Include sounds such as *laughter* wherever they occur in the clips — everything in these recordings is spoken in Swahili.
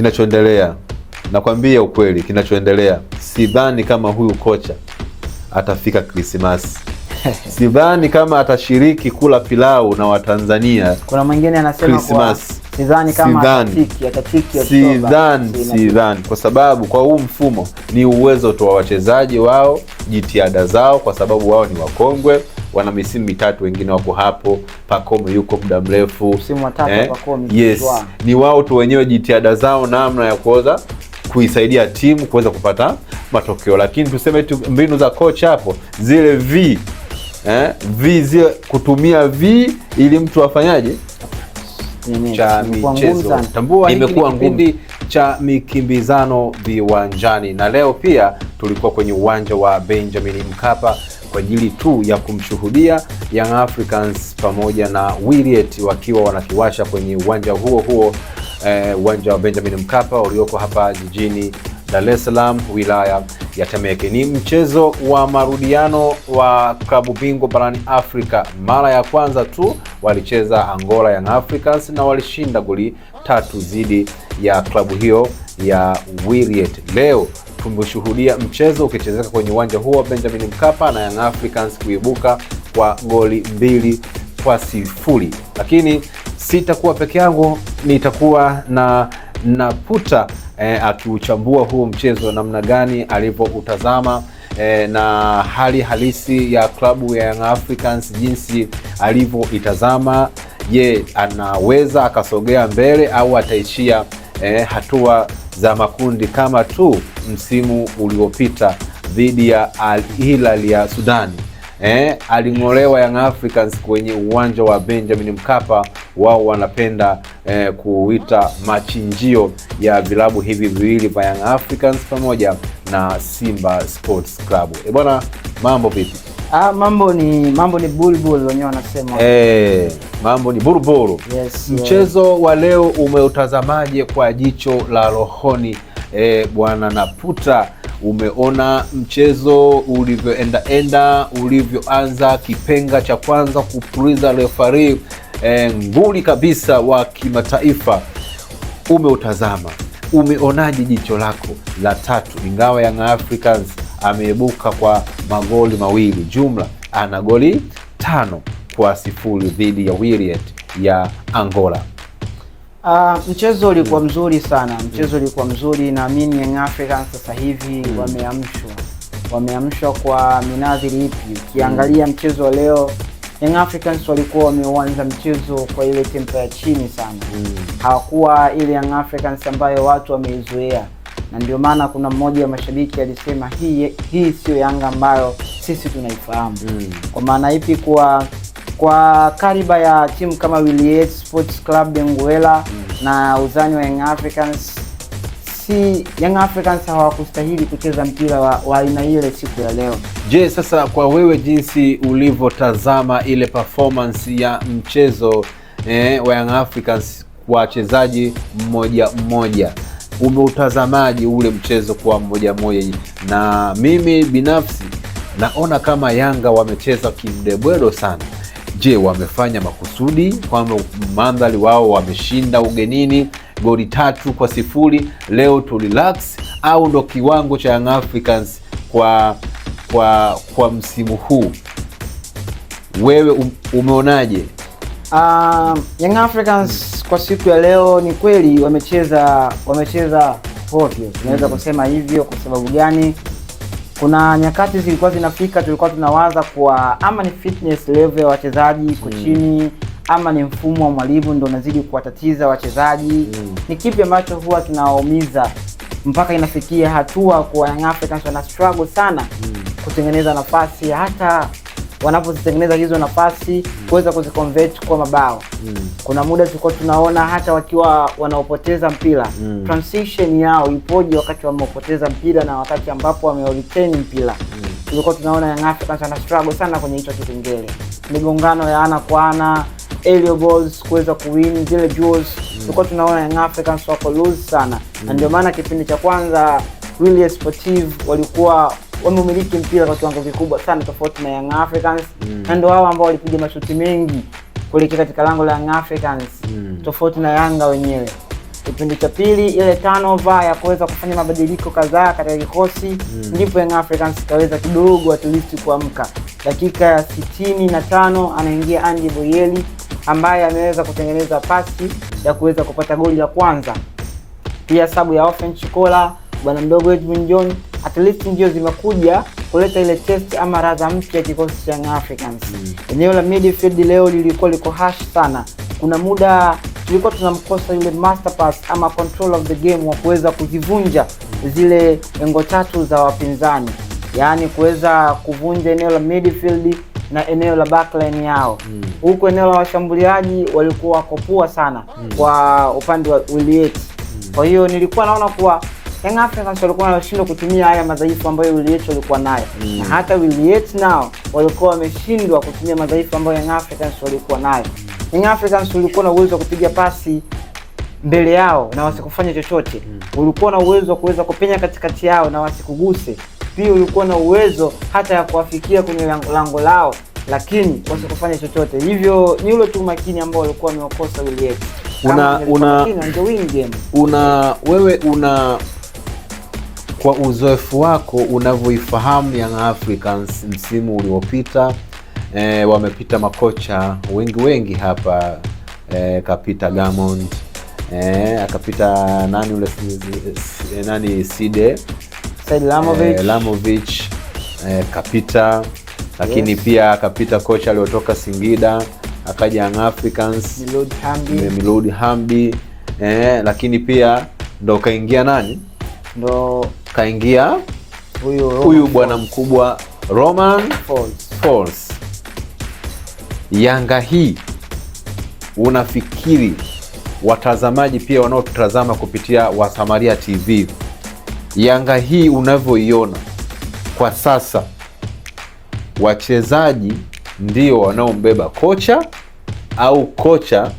kinachoendelea, nakwambia ukweli, kinachoendelea, sidhani kama huyu kocha atafika Krismasi. *laughs* Sidhani kama atashiriki kula pilau na Watanzania. Krismasi. sidhani, sidhani, kwa sababu kwa huu mfumo ni uwezo tu wa wachezaji wao, jitihada zao, kwa sababu wao ni wakongwe wana misimu mitatu, wengine wako hapo. Pakomo yuko muda mrefu, msimu wa tatu eh, Pakomo yes, ni wao tu wenyewe jitihada zao namna ya kuweza kuisaidia timu kuweza kupata matokeo, lakini tuseme tu mbinu za kocha hapo zile v eh, v zile kutumia v ili mtu afanyaje cha michezo tambua, imekuwa kipindi cha mikimbizano viwanjani, na leo pia tulikuwa kwenye uwanja wa Benjamin Mkapa kwa ajili tu ya kumshuhudia Young Africans pamoja na Wiliete wakiwa wanakiwasha kwenye uwanja huo huo eh, uwanja eh, wa Benjamin Mkapa ulioko hapa jijini Dar es Salaam wilaya ya Temeke. Ni mchezo wa marudiano wa klabu bingwa barani Afrika. Mara ya kwanza tu walicheza Angola Young Africans na walishinda goli tatu dhidi ya klabu hiyo ya Wiliete. Leo tumeshuhudia mchezo ukichezeka kwenye uwanja huo wa Benjamin Mkapa na Young Africans kuibuka kwa goli mbili kwa sifuri, lakini sitakuwa peke yangu, nitakuwa na Naputa eh, akiuchambua huo mchezo namna gani alivyoutazama eh, na hali halisi ya klabu ya Young Africans jinsi alivyoitazama. Je, anaweza akasogea mbele au ataishia eh, hatua za makundi kama tu msimu uliopita dhidi ya Al Hilal ya Sudani. Eh, aling'olewa Young Africans kwenye uwanja wa Benjamin Mkapa. Wao wanapenda eh, kuita machinjio ya vilabu hivi viwili vya Young Africans pamoja na Simba Sports Club. Eh, bwana, mambo vipi? Ah, mambo ni mambo ni bulbul wenyewe wanasema. Eh. Mambo ni buruburu. Yes, mchezo yeah, wa leo umeutazamaje kwa jicho la rohoni e, bwana Naputa? Umeona mchezo ulivyoendaenda, ulivyoanza kipenga cha kwanza kupuliza refari e, nguli kabisa wa kimataifa. Umeutazama, umeonaje jicho lako la tatu? Ingawa Young Africans ameibuka kwa magoli mawili, jumla ana goli tano kwa sifuri dhidi ya Wydad ya Angola. Uh, mchezo ulikuwa mzuri sana, mchezo ulikuwa mzuri. Naamini Young Africans sasa hivi mm. wameamshwa, wameamshwa kwa minadhiri ipi? Ukiangalia mm. mchezo wa leo Young Africans walikuwa wameuanza mchezo kwa ile tempo ya chini sana mm. hawakuwa ile Young Africans ambayo watu wameizoea, na ndio maana kuna mmoja wa mashabiki alisema hii hii sio Yanga ambayo sisi tunaifahamu mm. kwa maana ipi? kwa kwa kariba ya timu kama Williet Sports Club Benguela mm. na uzani wa Young Africans, si Young Africans hawakustahili kucheza mpira wa aina ile siku ya leo. Je, sasa kwa wewe jinsi ulivyotazama ile performance ya mchezo eh, wa Young Africans kwa wachezaji mmoja mmoja umeutazamaji ule mchezo kwa mmoja mmoja? Na mimi binafsi naona kama Yanga wamecheza kimdebwelo sana Je, wamefanya makusudi kwamba mandhari wao wameshinda ugenini goli tatu kwa sifuri leo tu relax, au ndo kiwango cha Young Africans kwa kwa kwa msimu huu? Wewe um, umeonaje? Uh, Young Africans hmm. kwa siku ya leo ni kweli wamecheza wamecheza hovyo, tunaweza mm, kusema hivyo. Kwa sababu gani? kuna nyakati zilikuwa zinafika, tulikuwa tunawaza kuwa ama ni fitness level ya wachezaji iko hmm. chini ama ni mfumo wa mwalimu ndio unazidi kuwatatiza wachezaji mm. ni kipi ambacho huwa kinawaumiza mpaka inafikia hatua kuwa Young Africans wana struggle sana mm. kutengeneza nafasi hata wanapozitengeneza hizo nafasi kuweza kuziconvert kwa mabao mm. Kuna muda tulikuwa tunaona hata wakiwa wanaopoteza mpira mm. transition yao ipoje wakati wameopoteza mpira na wakati ambapo wameretain mpira mm. Tulikuwa tunaona Young Africans ana struggle sana kwenye hicho kipengele, migongano ya ana kwa ana aerial balls kuweza kuwin zile duels mm. Tulikuwa tunaona Young Africans wako loose sana mm. Na ndio maana kipindi cha kwanza Wydad Sportive walikuwa wameumiliki mpira kwa kiwango kikubwa sana, tofauti na Young Africans mm. na ndio wao ambao walipiga mashuti mengi kuelekea katika lango la Young Africans mm. tofauti na Yanga wenyewe. Kipindi cha pili ile turnover ya kuweza kufanya mabadiliko kadhaa katika kikosi mm. ndipo Young Africans ikaweza kidogo at least kuamka. Dakika ya sitini na tano anaingia Andy Boyeli ambaye ameweza kutengeneza pasi ya kuweza kupata goli la kwanza, pia sabu ya offense Chikola, bwana mdogo Edwin John at least ndio zimekuja kuleta ile test ama radha mpya ya kikosi cha Africans. Mm. Eneo la midfield leo lilikuwa liko hash sana. Kuna muda tulikuwa tunamkosa yule master pass ama control of the game wa kuweza kuzivunja zile engo tatu za wapinzani, yaani kuweza kuvunja eneo la midfield na eneo la backline yao mm. huko eneo la washambuliaji walikuwa wako poa sana mm. kwa upande wa Ulieti mm. kwa hiyo nilikuwa naona kuwa Young Africans walikuwa wanashindwa kutumia haya madhaifu ambayo Will Yates walikuwa nayo mm. na hata Will Yates nao walikuwa wameshindwa kutumia madhaifu ambayo Young Africans walikuwa nayo. Young Africans walikuwa na uwezo wa kupiga pasi mbele yao na wasikufanya chochote mm. ulikuwa na uwezo wa kuweza kupenya katikati yao na wasikuguse. Pia ulikuwa na uwezo hata ya kuwafikia kwenye lango lao, lakini wasikufanya chochote. Hivyo ni ule tu makini ambao walikuwa wameokosa Will Yates. Una, una, una wewe una kwa uzoefu wako unavyoifahamu Young Africans msimu uliopita, e, wamepita makocha wengi wengi hapa e, eh, kapita Gamond e, eh, akapita nani ule nani Side Lamovic, e, Lamovic e, kapita lakini yes. Pia akapita kocha aliotoka Singida akaja Young Africans Miloud Hamdi, Miloud Hamdi. E, lakini pia ndo kaingia nani ndo kaingia huyu bwana mkubwa Roman Folz. Yanga hii unafikiri watazamaji pia wanaotutazama kupitia Wasamaria TV, Yanga hii unavyoiona kwa sasa, wachezaji ndio wanaombeba kocha au kocha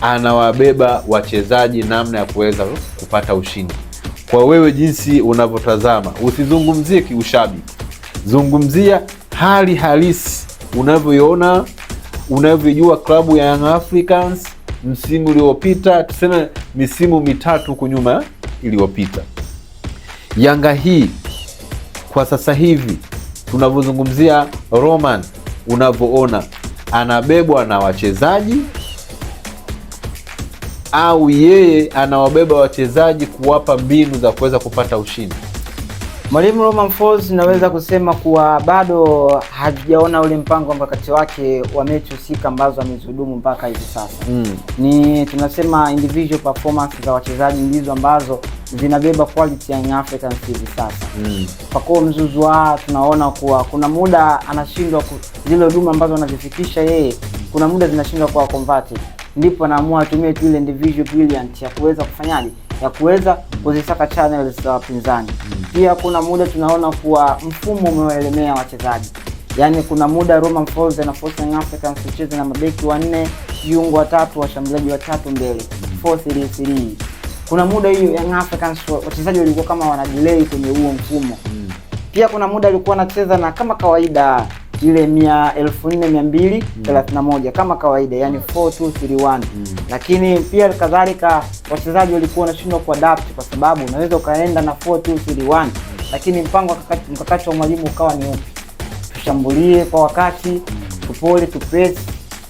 anawabeba wachezaji namna ya kuweza kupata ushindi? kwa wewe jinsi unavyotazama. Usizungumzie kiushabiki, zungumzia hali halisi unavyoiona, unavyojua klabu ya Young Africans msimu uliopita, tuseme misimu mitatu huku nyuma eh, iliyopita. Yanga hii kwa sasa hivi tunavyozungumzia, Roman unavyoona anabebwa na wachezaji au yeye anawabeba wachezaji kuwapa mbinu za kuweza kupata ushindi? Mwalimu Roman Falls, naweza kusema kuwa bado hajaona ule mpango mkakati wake wa mechi husika ambazo amezihudumu mpaka hivi sasa. Mm. Ni tunasema individual performance za wachezaji ndizo ambazo zinabeba quality ya Africans hivi sasa. Mm. mzuzu wa tunaona kuwa kuna muda anashindwa zile huduma ambazo anazifikisha yeye, kuna muda zinashindwa kuwa convert ndipo naamua atumie tu ile individual brilliant ya kuweza kufanyaje, ya kuweza kuzisaka channel za wapinzani. Mm. Pia kuna muda tunaona kuwa mfumo umewaelemea wachezaji, yaani kuna muda Roma Mfolds na Forcing Africans kucheza na mabeki wanne, kiungo watatu, washambuliaji watatu mbele 433 mm. kuna muda hiyo Young Africans wachezaji walikuwa kama wana delay kwenye huo mfumo. Mm. Pia kuna muda alikuwa anacheza na kama kawaida ile mia elfu nne mia mbili mm. thelathini na moja kama kawaida, yani 4231 mm. Lakini pia kadhalika wachezaji walikuwa wanashindwa kuadapt kwa sababu unaweza ukaenda na 4231 lakini mpango mkakati wa mwalimu ukawa ni upi? Tushambulie kwa wakati, mm. tupole, tupesi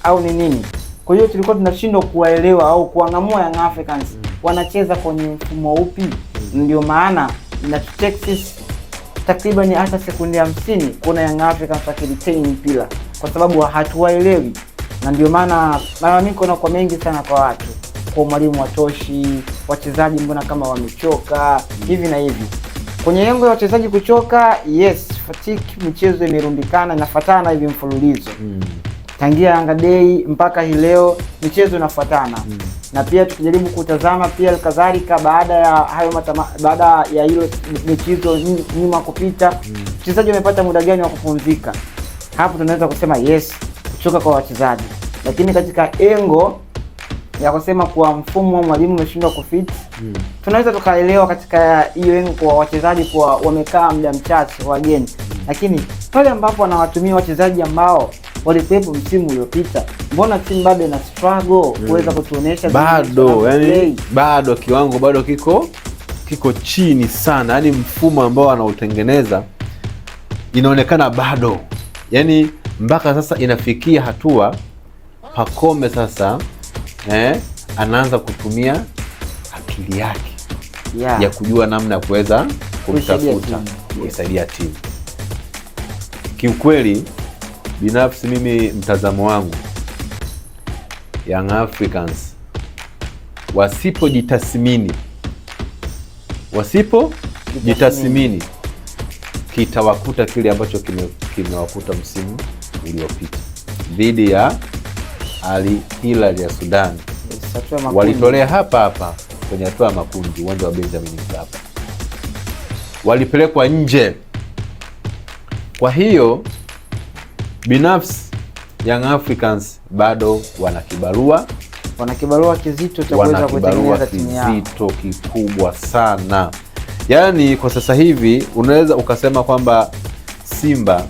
au ni nini? Kwa hiyo tulikuwa tunashindwa kuwaelewa au kuang'amua Young Africans mm. wanacheza kwenye mfumo upi. Ndio maana inatutake sisi takriban hata sekunde hamsini kuona Young Africans wakiliteni mpira, kwa sababu hatuwaelewi, na ndio maana malalamiko nakuwa mengi sana kwa watu, kwa mwalimu watoshi, wachezaji mbona kama wamechoka hivi na hivi. Kwenye lengo ya wachezaji kuchoka, yes, fatigue, michezo imerundikana inafatana hivi mfululizo hmm tangia Yanga Day mpaka hii leo michezo inafuatana mm. na pia tukijaribu kutazama pia kadhalika, baada ya hayo matama, baada ya hilo michezo nyuma kupita hmm. mchezaji mm. amepata muda gani wa kupumzika? Hapo tunaweza kusema yes kuchoka kwa wachezaji, lakini katika engo ya kusema kuwa mfumo wa mwalimu umeshindwa kufit mm. tunaweza tukaelewa katika hiyo engo kwa wachezaji kuwa wamekaa muda mchache wageni mm. lakini pale ambapo anawatumia wachezaji ambao walikuwepo msimu uliopita, mbona timu bado ina struggle mm. kuweza mm. bado, yani bado kiwango bado kiko kiko chini sana, yani mfumo ambao anautengeneza inaonekana bado, yani mpaka sasa inafikia hatua Pakome sasa eh, anaanza kutumia akili yake yeah. ya kujua namna ya kuweza kumtafuta kuisaidia timu. Kiukweli Binafsi mimi, mtazamo wangu, Young Africans wasipojitathmini, wasipojitathmini kitawakuta kile ambacho kimewakuta msimu uliopita dhidi ya Ali Hilal ya Sudan. Walitolea hapa hapa kwenye hatua ya makundi, uwanja wa Benjamin Mkapa, walipelekwa nje. Kwa hiyo Binafsi Young Africans bado wana kibarua, wana kibarua kizito cha kuweza kutengeneza timu yao, kizito kikubwa sana. Yaani kwa sasa hivi unaweza ukasema kwamba Simba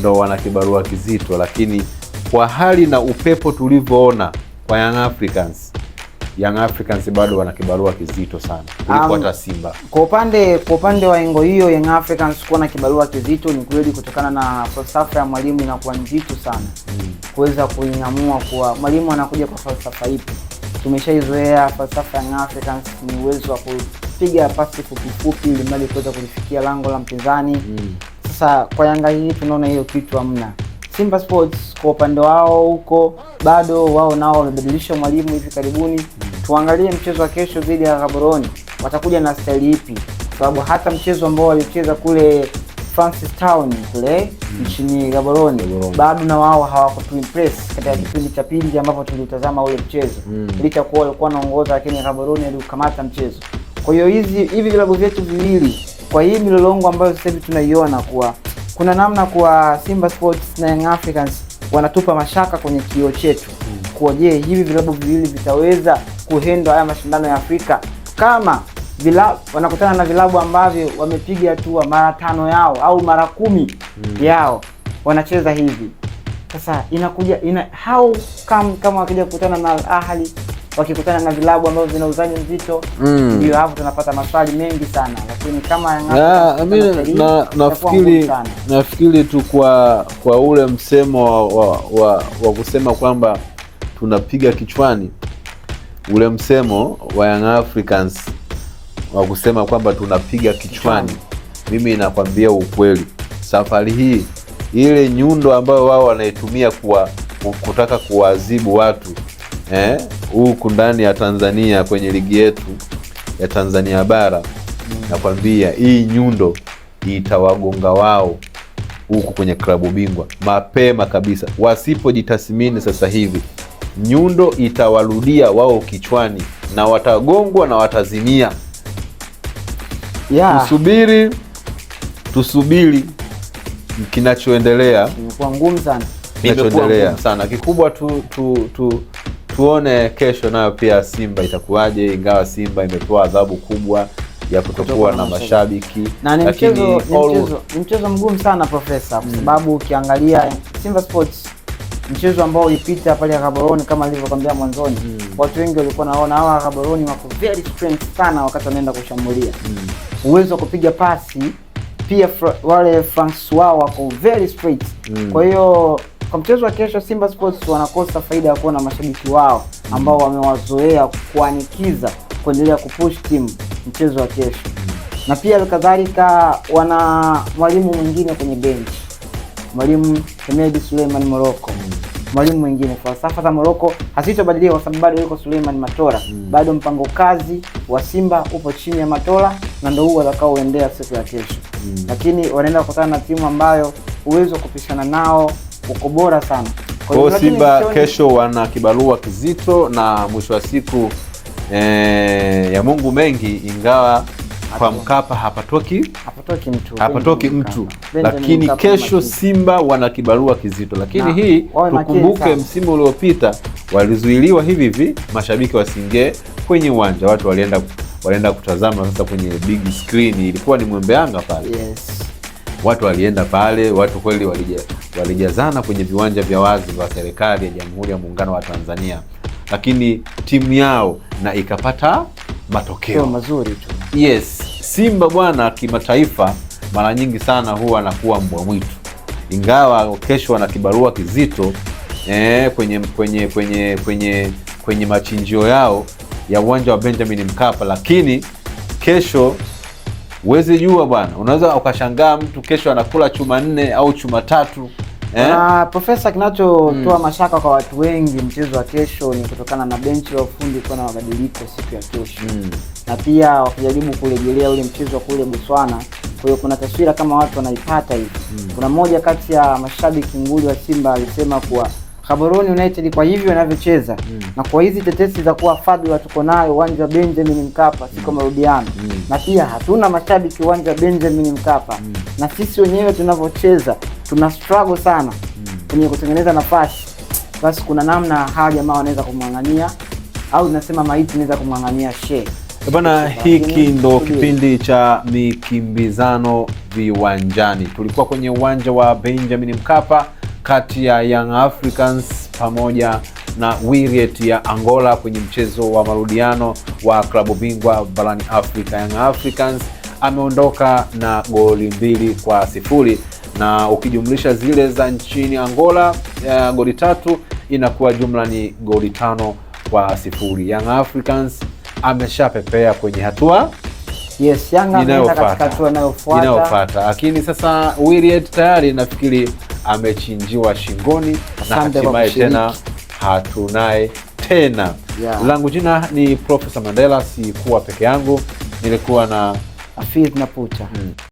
ndo wana kibarua kizito, lakini kwa hali na upepo tulivyoona kwa Young Africans Young Africans bado wana kibarua kizito sana kuliko um, hata um, Simba. Kwa upande kwa upande wa engo hiyo Young Africans kuwa na kibarua kizito ni kweli, kutokana na falsafa ya mwalimu inakuwa nzito sana mm. kuweza kuing'amua kuwa mwalimu anakuja kwa falsafa ipi. Tumeshaizoea falsafa ya Young Africans ni uwezo wa kupiga pasi fupifupi ili mali kuweza kulifikia lango la mpinzani mm. Sasa kwa Yanga hii tunaona hiyo kitu hamna. Simba Sports kwa upande wao huko bado wao nao wamebadilisha mwalimu hivi karibuni. Tuangalie mchezo wa kesho dhidi ya Gaborone, watakuja na staili ipi? sababu hata mchezo ambao walicheza kule Francis Town kule nchini Gaborone bado na wao hawakutuimpress katika kipindi cha pili ambapo tulitazama ule mchezo mm. licha kuwa walikuwa wanaongoza, lakini Gaborone aliukamata mchezo. Kwa hiyo hizi hivi vilabu vyetu viwili kwa hii milolongo ambayo sasa hivi tunaiona kuwa kuna namna kwa Simba Sports na Young Africans wanatupa mashaka kwenye kioo chetu mm. Kwa je, hivi vilabu viwili vitaweza kuhendwa haya mashindano ya Afrika kama vilabu, wanakutana na vilabu ambavyo wamepiga hatua mara tano yao au mara kumi mm. yao wanacheza hivi sasa inakuja ina, how come kama wakija kukutana na Al Ahly wakikutana na vilabu ambavyo vina uzani mzito, mm. ndio mm. hapo tunapata maswali mengi sana, lakini kama ah, nafikiri nafikiri tu kwa kwa ule msemo wa, wa, wa kusema kwamba tunapiga kichwani, ule msemo wa Young Africans wa kusema kwamba tunapiga kichwani, mimi nakwambia ukweli, safari hii ile nyundo ambayo wao wanaitumia kuwa kutaka kuwaadhibu watu Eh? huku eh, ndani ya Tanzania kwenye ligi yetu ya Tanzania bara mm. Nakwambia hii nyundo itawagonga wao huku kwenye klabu bingwa mapema kabisa. Wasipojitathmini sasa hivi, nyundo itawarudia wao kichwani na watagongwa na watazimia. Yeah. Tusubiri, tusubiri kinachoendelea, imekuwa ngumu sana, kikubwa tu, tu, tu tuone kesho nayo pia Simba itakuwaje, ingawa Simba imepewa adhabu kubwa ya kutokuwa na mashabiki na ni mchezo, ni mchezo mgumu sana profesa, kwa hmm. sababu ukiangalia Simba Sports mchezo ambao ulipita pale Gaborone kama alivyokwambia mwanzoni mm. Watu wengi walikuwa naona hawa Gaborone wako very strength sana wakati wanaenda kushambulia mm. Uwezo wa kupiga pasi pia fra, wale Francois wako very straight mm. Kwa hiyo kwa mchezo wa kesho, Simba Sports wanakosa faida ya kuwa na mashabiki wao ambao mm. wamewazoea kuanikiza kuendelea kupush timu mchezo wa kesho, na pia kadhalika wana mwalimu mwingine kwenye benchi, mwalimu Hemedi Suleiman Moroko mm. mwalimu mwingine. Falsafa za Moroko hazitobadilika kwa sababu bado yuko Suleiman Matola Hmm, Bado mpango kazi wa Simba upo chini ya Matola na ndio huo atakaoendea siku ya kesho Hmm, Lakini wanaenda kukutana na timu ambayo uwezo wa kupishana nao uko bora sana. Kwa hiyo Simba kesho wana kibarua kizito na mwisho wa siku eh, ya Mungu mengi ingawa kwa Mkapa hapatoki hapatoki mtu, hapatoki mtu. Lakini Mkapa kesho Simba wana kibarua kizito, lakini na hii tukumbuke, msimu uliopita walizuiliwa hivi hivi, mashabiki wasiingie kwenye uwanja, watu walienda walienda kutazama sasa kwenye big screen, ilikuwa ni mwembeanga pale yes watu walienda pale, watu kweli walijazana kwenye viwanja vya wazi vya serikali ya Jamhuri ya Muungano wa Tanzania, lakini timu yao na ikapata matokeo mazuri tu. Yes, Simba bwana, kimataifa mara nyingi sana huwa anakuwa mbwa mwitu, ingawa kesho ana kibarua kizito eh, kwenye kwenye kwenye kwenye kwenye machinjio yao ya uwanja wa Benjamin Mkapa, lakini kesho Huwezi jua bwana, unaweza ukashangaa mtu kesho anakula chuma nne au chuma tatu eh? Na ah, profesa, kinachotoa mm. mashaka kwa watu wengi mchezo wa kesho ni kutokana na benchi ya ufundi kuwa na mabadiliko siku ya kesho mm. na pia wakijaribu kurejelea ule mchezo wa kule Botswana. Kwa hiyo kuna taswira kama watu wanaipata hivi mm. kuna mmoja kati ya mashabiki nguli wa Simba alisema kuwa Gaborone United kwa hivyo inavyocheza mm. na kwa hizi tetesi za kuwa Fadwa tuko nayo uwanja wa Benjamin Mkapa siko mm. marudiano mm. na pia hatuna mashabiki uwanja wa Benjamin Mkapa mm. na sisi wenyewe tunavyocheza tuna struggle sana mm. kwenye mm. kutengeneza nafasi, basi kuna namna hawa jamaa wanaweza kumwang'ania au tunasema maiti inaweza kumwang'ania shee eh, Bana, hiki ndo kipindi cha mikimbizano viwanjani. Tulikuwa kwenye uwanja wa Benjamin Mkapa kati ya Young Africans pamoja na Wiriet ya Angola kwenye mchezo wa marudiano wa klabu bingwa barani Afrika. Young Africans ameondoka na goli mbili kwa sifuri na ukijumlisha zile za nchini Angola uh, goli tatu inakuwa jumla ni goli tano kwa sifuri. Young Africans ameshapepea kwenye hatua yes, inayofuata, lakini sasa Wiliete tayari nafikiri amechinjiwa shingoni na hatimaye tena hatunaye tena yeah. Langu jina ni Profesa Mandela, sikuwa peke yangu, nilikuwa na na Pucha hmm.